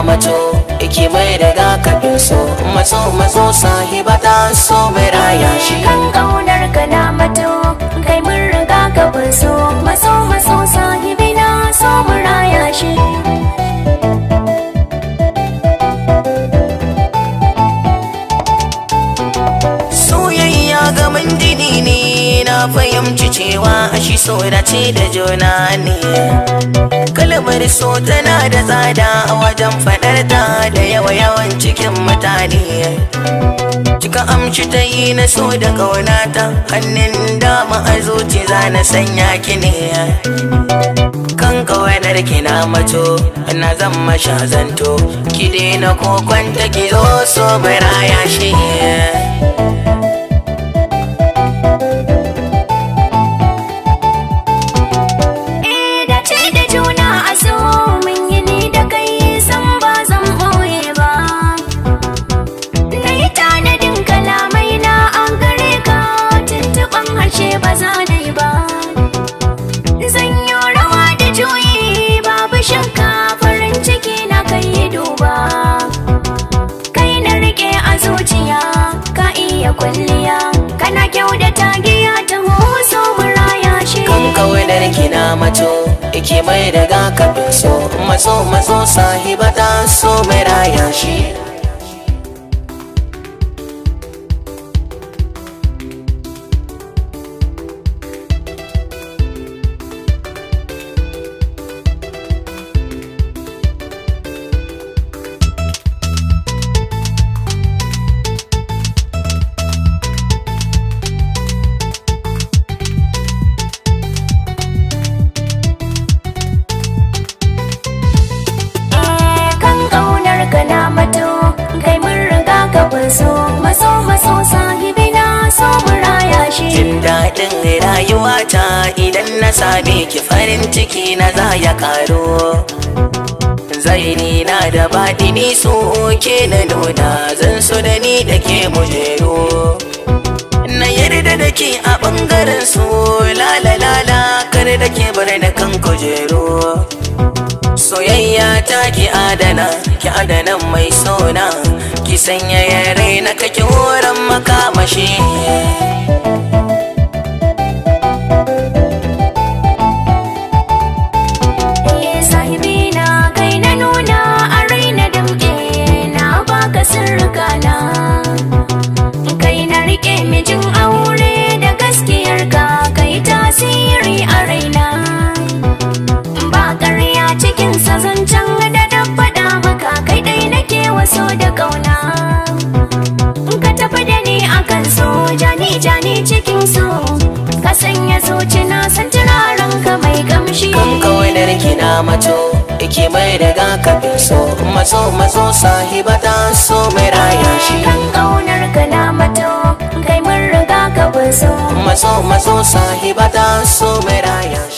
mato iki mai da gaka so mato mato sahiba ta so mai raya shi fahimci cewa shi so ce da juna ne kalmar so tana da tsada a wajen faɗarta ta da yawa yawan cikin mutane cika amshi ta yi na so da ta, hannun dama a zuci za na sanya ki ne kan kawanar ki na mato na zan mashazanto ki daina kokon ki zo so baraya shi kwalliya kana kyau da tagiya ta so muraya shi kan kawai da mato ike mai daga kabin so mato mato sahiba ta so mai raya shi daɗin rayuwata idan na same ki farin ciki na za ya ƙaro zaini na da baɗi ni so ke na nuna zan so da ni da ke mujero na yarda da ke a ɓangaren su lalalala kar da ke bar da kan kujero soyayya ta ki adana ki adana mai sona ki sanya yare na kake horon makamashi aure da gaskiyar ka kai tasiri a raina ba ƙarya cikin sazancen da dabbada maka kai dai nake waso da ƙauna ka tafi da ni akan so jani jani cikin so ka sanya zuciya san turaren ka mai kamshi kam kawai da rikina mato ike mai daga kafin so maso maso sahibata so mai raya shi maso maso sahibata so meraya